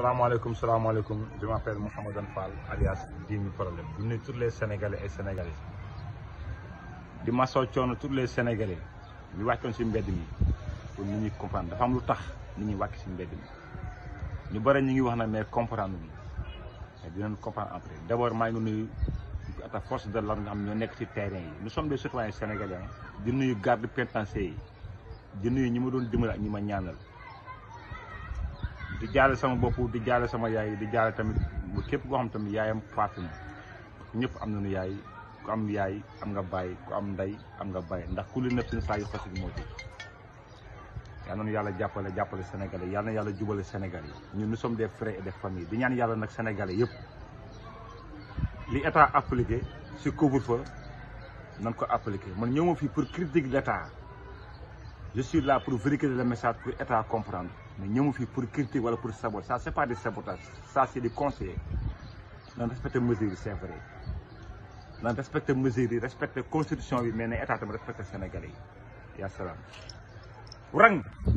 salaamaaleykum salaamaaleykum je m'appelle Mouhamadou Fall alias Jimmy Problème bu ne tous les sénégalais et sénégalaises di masoo coono tous les sénégalais ñu wàccoon si mbedd mi pour ñu ñi comprendre dafa am lu tax nit ñi wàcc si mbedd mi ñu bëri ñu ngi wax na mais comprendre bi mais dinañ comprendre après d' abord maa ngi nuyu force de l'ordre nga xam ñoo nekk ci terrain yi nous sommes des citoyens sénégalais di nuyu garde pénitentiaire yi di nuyu ñi ma doon dimbali ak ñi ma ñaanal di jaale sama bopp di jaale sama yaay di jaale tamit képp koo xam tamit yaayam faatu na ñëpp am nañu yaay ku am yaay am nga bàyyi ku am ndey am nga bàyyi ndax ku li nëpp saa yu xasit moo ci yal na nu yàlla jàppale jàppale Sénégalais yal na yàlla jubale Sénégalais ñun nous sommes des frères et des familles di ñaan yàlla nag Sénégalais yëpp li état appliqué si couvre-feu nan ko appliqué man ñëw ma fii pour critique d'état je suis là pour véhiculer le message pour état comprendre mais ñëmu fii pour critiquer wala pour saboter ça c'est pas des sabotages ça c'est des conseillers nan respecter mesures yi c'est vrai nan respecter mesures yi constitution mais ne état tam respecter sénégalais yi yaa salaam rang